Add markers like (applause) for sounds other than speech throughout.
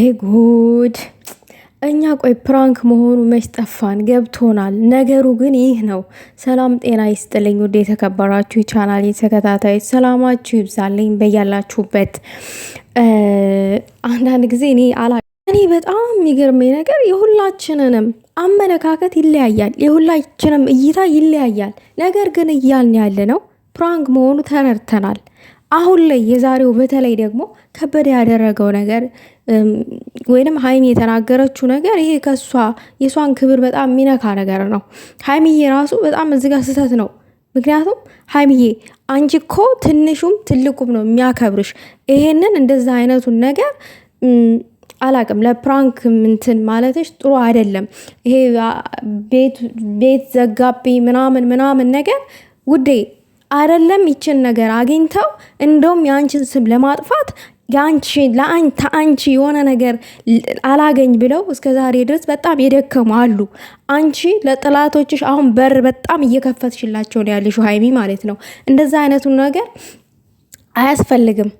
ይሄ ጉድ! እኛ ቆይ ፕራንክ መሆኑ መች ጠፋን? ገብቶናል። ነገሩ ግን ይህ ነው። ሰላም ጤና ይስጥልኝ ውድ የተከበራችሁ የቻናል ተከታታዮች ሰላማችሁ ይብዛልኝ በያላችሁበት። አንዳንድ ጊዜ እኔ አላ እኔ በጣም የሚገርመኝ ነገር የሁላችንንም አመለካከት ይለያያል፣ የሁላችንም እይታ ይለያያል። ነገር ግን እያልን ያለ ነው ፕራንክ መሆኑ ተረድተናል። አሁን ላይ የዛሬው በተለይ ደግሞ ከበደ ያደረገው ነገር ወይንም ሀይሚ የተናገረችው ነገር ይሄ ከሷ የሷን ክብር በጣም የሚነካ ነገር ነው። ሀይሚዬ ራሱ በጣም እዚጋ ስህተት ነው። ምክንያቱም ሀይሚዬ አንቺ እኮ ትንሹም ትልቁም ነው የሚያከብርሽ። ይሄንን እንደዛ አይነቱን ነገር አላቅም ለፕራንክ ምንትን ማለትሽ ጥሩ አይደለም። ይሄ ቤት ዘጋቢ ምናምን ምናምን ነገር ውዴ አይደለም ይችን ነገር አግኝተው እንደውም የአንችን ስም ለማጥፋት የአንቺ ለአንቺ የሆነ ነገር አላገኝ ብለው እስከ ዛሬ ድረስ በጣም የደከሙ አሉ። አንቺ ለጥላቶችሽ አሁን በር በጣም እየከፈትሽላቸው ነው ያለሽው ሀይሚ ማለት ነው። እንደዛ አይነቱን ነገር አያስፈልግም።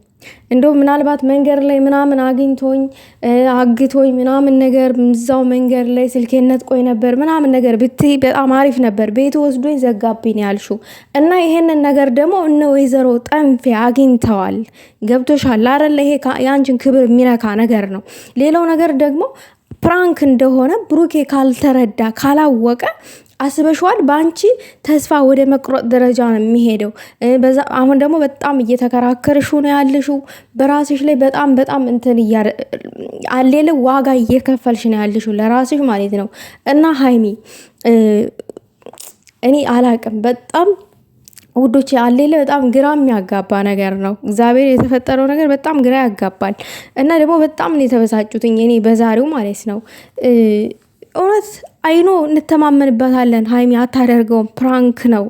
እንደው ምናልባት መንገድ ላይ ምናምን አግኝቶኝ አግቶኝ ምናምን ነገር እዛው መንገድ ላይ ስልኬነት ቆይ ነበር ምናምን ነገር ብት በጣም አሪፍ ነበር። ቤት ወስዶኝ ዘጋብኝ ያልሹ እና ይሄንን ነገር ደግሞ እነ ወይዘሮ ጠንፌ አግኝተዋል። ገብቶሻል አረለ? ይሄ የአንችን ክብር የሚነካ ነገር ነው። ሌላው ነገር ደግሞ ፕራንክ እንደሆነ ብሩኬ ካልተረዳ ካላወቀ አስበሽዋል። በአንቺ ተስፋ ወደ መቁረጥ ደረጃ ነው የሚሄደው። በዛ አሁን ደግሞ በጣም እየተከራከርሽ ነው ያለሽው። በራስሽ ላይ በጣም በጣም እንትን አሌለ ዋጋ እየከፈልሽ ነው ያለሽው ለራስሽ ማለት ነው። እና ሀይሚ እኔ አላቅም በጣም ውዶች አሌለ በጣም ግራ የሚያጋባ ነገር ነው። እግዚአብሔር የተፈጠረው ነገር በጣም ግራ ያጋባል። እና ደግሞ በጣም ነው የተበሳጩትኝ እኔ በዛሬው ማለት ነው። እውነት አይኖ እንተማመንበታለን። ሀይሚ አታደርገውም፣ ፕራንክ ነው።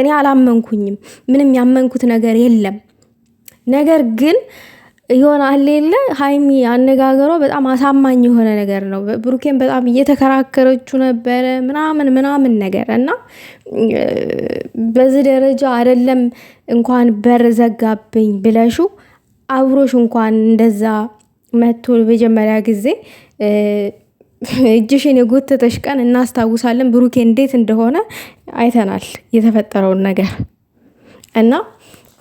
እኔ አላመንኩኝም፣ ምንም ያመንኩት ነገር የለም። ነገር ግን የሆነ አሌለ ሀይሚ አነጋገሯ በጣም አሳማኝ የሆነ ነገር ነው። ብሩኬን በጣም እየተከራከረችው ነበረ ምናምን ምናምን ነገር እና በዚህ ደረጃ አይደለም እንኳን በር ዘጋብኝ ብለሹ አብሮሽ እንኳን እንደዛ መቶ መጀመሪያ ጊዜ እጅሽን የጎተተሽ ቀን እናስታውሳለን። ብሩኬ እንዴት እንደሆነ አይተናል የተፈጠረውን ነገር እና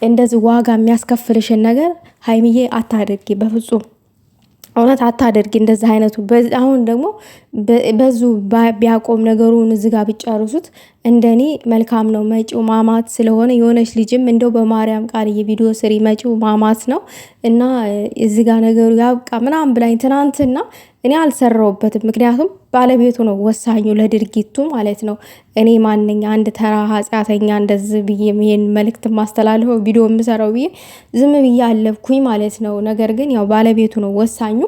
እንደዚህ ዋጋ የሚያስከፍልሽን ነገር ሀይሚዬ አታደርጊ፣ በፍጹም እውነት አታደርጊ። እንደዚህ አይነቱ አሁን ደግሞ በዙ ቢያቆም ነገሩን እዚጋ ቢጨርሱት እንደኔ መልካም ነው። መጪው ማማት ስለሆነ የሆነች ልጅም እንደው በማርያም ቃል የቪዲዮ ስሪ መጪው ማማት ነው እና እዚህ ጋር ነገሩ ያብቃ ምናምን ብላኝ ትናንትና እኔ አልሰራውበትም። ምክንያቱም ባለቤቱ ነው ወሳኙ ለድርጊቱ ማለት ነው። እኔ ማንኛ አንድ ተራ ኃጢአተኛ እንደዚህ ብዬ ይሄን መልእክት ማስተላለፈው ቪዲዮ የምሰራው ብዬ ዝም ብዬ አለብኩኝ ማለት ነው። ነገር ግን ያው ባለቤቱ ነው ወሳኙ።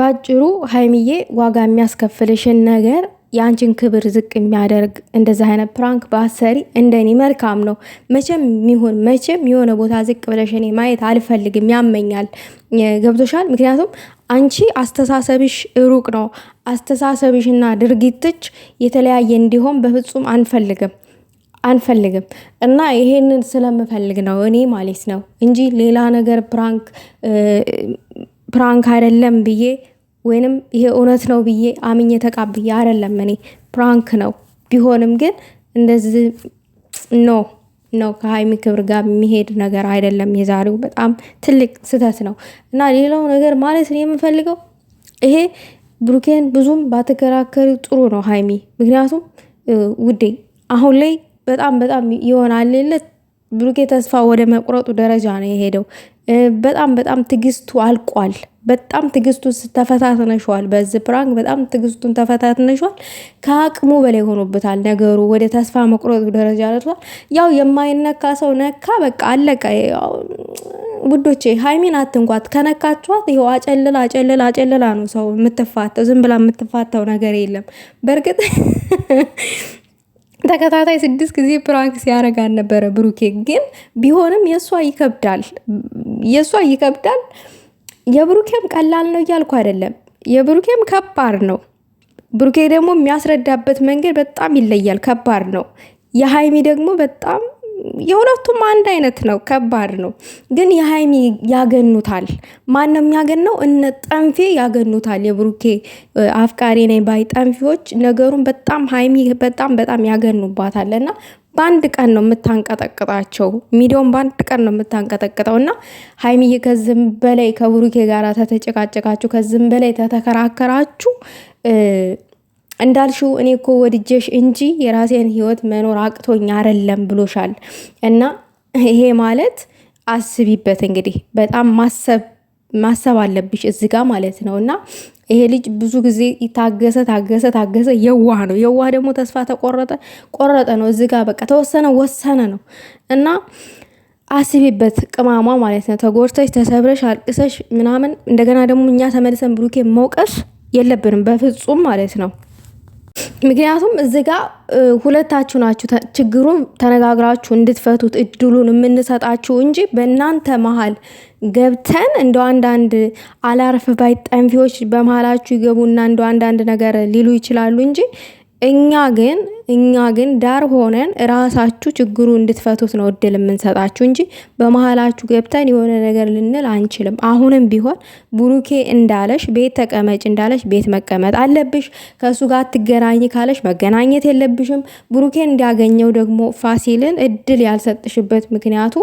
ባጭሩ ሀይሚዬ ዋጋ የሚያስከፍልሽን ነገር የአንቺን ክብር ዝቅ የሚያደርግ እንደዚህ አይነት ፕራንክ ባሰሪ እንደኔ መልካም ነው። መቼም ሚሆን መቼም የሆነ ቦታ ዝቅ ብለሽ እኔ ማየት አልፈልግም፣ ያመኛል። ገብቶሻል? ምክንያቱም አንቺ አስተሳሰብሽ ሩቅ ነው። አስተሳሰብሽና ድርጊትች የተለያየ እንዲሆን በፍጹም አንፈልግም አንፈልግም እና ይሄንን ስለምፈልግ ነው እኔ ማለት ነው እንጂ ሌላ ነገር ፕራንክ ፕራንክ አይደለም ብዬ ወይንም ይሄ እውነት ነው ብዬ አምኜ ተቃብዬ አይደለም። እኔ ፕራንክ ነው ቢሆንም ግን እንደዚህ ኖ ኖ ከሀይሚ ክብር ጋር የሚሄድ ነገር አይደለም። የዛሬው በጣም ትልቅ ስህተት ነው እና ሌላው ነገር ማለት ነው የምፈልገው ይሄ ብሩኬን ብዙም ባተከራከሪ ጥሩ ነው ሀይሚ። ምክንያቱም ውዴ አሁን ላይ በጣም በጣም ይሆናል ብሩኬ ተስፋ ወደ መቁረጡ ደረጃ ነው የሄደው። በጣም በጣም ትግስቱ አልቋል። በጣም ትግስቱ ተፈታትነሸዋል። በዚ ፕራንክ በጣም ትግስቱን ተፈታትነሸዋል። ከአቅሙ በላይ ሆኖበታል ነገሩ። ወደ ተስፋ መቁረጡ ደረጃ ደርሷል። ያው የማይነካ ሰው ነካ፣ በቃ አለቀ። ውዶቼ ሀይሚን አትንኳት። ከነካችኋት ይኸው አጨልላ አጨልላ አጨልላ ነው ሰው የምትፋተው። ዝም ብላ የምትፋተው ነገር የለም በእርግጥ ተከታታይ ስድስት ጊዜ ፕራንክ ሲያደርግ አልነበረ ብሩኬ። ግን ቢሆንም የእሷ ይከብዳል፣ የእሷ ይከብዳል። የብሩኬም ቀላል ነው እያልኩ አይደለም፣ የብሩኬም ከባድ ነው። ብሩኬ ደግሞ የሚያስረዳበት መንገድ በጣም ይለያል፣ ከባድ ነው። የሀይሚ ደግሞ በጣም የሁለቱም አንድ አይነት ነው። ከባድ ነው ግን የሀይሚ ያገኑታል። ማንም ያገነው እነ ጠንፌ ያገኑታል። የብሩኬ አፍቃሪ ነኝ ባይ ጠንፌዎች ነገሩን በጣም ሀይሚ በጣም በጣም ያገኑባታል እና በአንድ ቀን ነው የምታንቀጠቅጣቸው። ሚዲዮን በአንድ ቀን ነው የምታንቀጠቅጠው እና ሀይሚዬ ከዝም በላይ ከብሩኬ ጋር ተተጨቃጨቃችሁ፣ ከዝም በላይ ተተከራከራችሁ እንዳልሽው እኔ እኮ ወድጀሽ እንጂ የራሴን ህይወት መኖር አቅቶኝ አደለም ብሎሻል። እና ይሄ ማለት አስቢበት እንግዲህ በጣም ማሰብ ማሰብ አለብሽ እዚ ጋ ማለት ነው። እና ይሄ ልጅ ብዙ ጊዜ ታገሰ ታገሰ ታገሰ፣ የዋህ ነው። የዋህ ደግሞ ተስፋ ተቆረጠ ቆረጠ ነው። እዚ ጋ በቃ ተወሰነ ወሰነ ነው እና አስቢበት ቅማሟ ማለት ነው። ተጎድተሽ ተሰብረሽ አልቅሰሽ ምናምን እንደገና ደግሞ እኛ ተመልሰን ብሩኬ መውቀስ የለብንም በፍጹም ማለት ነው። ምክንያቱም እዚ ጋ ሁለታችሁ ናችሁ ችግሩን ተነጋግራችሁ እንድትፈቱት እድሉን የምንሰጣችሁ እንጂ በእናንተ መሀል ገብተን እንደ አንዳንድ አላርፍ ባይ ጠንፊዎች በመሀላችሁ ይገቡና እንደ አንዳንድ ነገር ሊሉ ይችላሉ እንጂ እኛ ግን እኛ ግን ዳር ሆነን ራሳችሁ ችግሩ እንድትፈቱት ነው እድል የምንሰጣችሁ እንጂ በመሀላችሁ ገብተን የሆነ ነገር ልንል አንችልም። አሁንም ቢሆን ቡሩኬ እንዳለሽ ቤት ተቀመጭ እንዳለሽ ቤት መቀመጥ አለብሽ። ከእሱ ጋር ትገናኝ ካለሽ መገናኘት የለብሽም። ቡሩኬ እንዲያገኘው ደግሞ ፋሲልን እድል ያልሰጥሽበት ምክንያቱ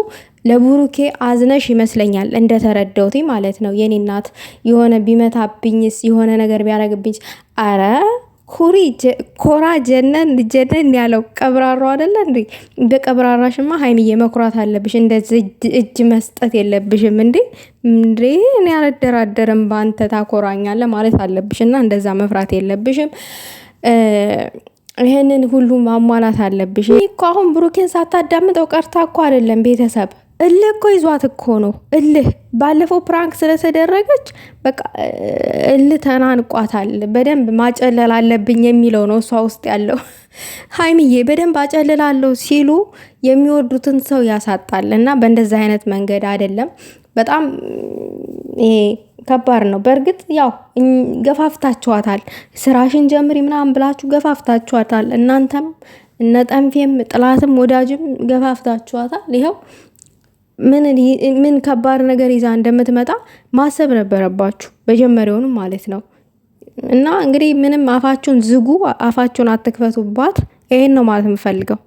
ለቡሩኬ አዝነሽ ይመስለኛል፣ እንደተረዳውት ማለት ነው። የኔ እናት የሆነ ቢመታብኝስ የሆነ ነገር ቢያደርግብኝ አረ ሁሪ ኮራ ጀነን ጀነን ያለው ቀብራሮ አደለ እንዴ? እንደ ቀብራራሽማ ሀይሚዬ መኩራት አለብሽ። እንደዚህ እጅ መስጠት የለብሽም እንዴ እንዴ። እኔ አልደራደርም በአንተ ታኮራኛለ ማለት አለብሽ እና እንደዛ መፍራት የለብሽም። ይህንን ሁሉ ማሟላት አለብሽ እኮ። አሁን ብሩኬን ሳታዳምጠው ቀርታ እኮ አደለም ቤተሰብ እልህ እኮ ይዟት እኮ ነው እልህ ባለፈው ፕራንክ ስለተደረገች በቃ እልተናንቋታል። በደንብ ማጨለል አለብኝ የሚለው ነው እሷ ውስጥ ያለው። (laughs) ሀይምዬ በደንብ አጨልላለሁ ሲሉ የሚወዱትን ሰው ያሳጣል እና በእንደዚ አይነት መንገድ አይደለም። በጣም ይሄ ከባድ ነው። በእርግጥ ያው ገፋፍታችኋታል፣ ስራሽን ጀምሪ ምናምን ብላችሁ ገፋፍታችኋታል። እናንተም እነ ጠንፌም ጥላትም ወዳጅም ገፋፍታችኋታል ይኸው ምን ከባድ ነገር ይዛ እንደምትመጣ ማሰብ ነበረባችሁ መጀመሪያውንም ማለት ነው። እና እንግዲህ ምንም አፋችሁን ዝጉ፣ አፋችሁን አትክፈቱባት። ይሄን ነው ማለት የምፈልገው።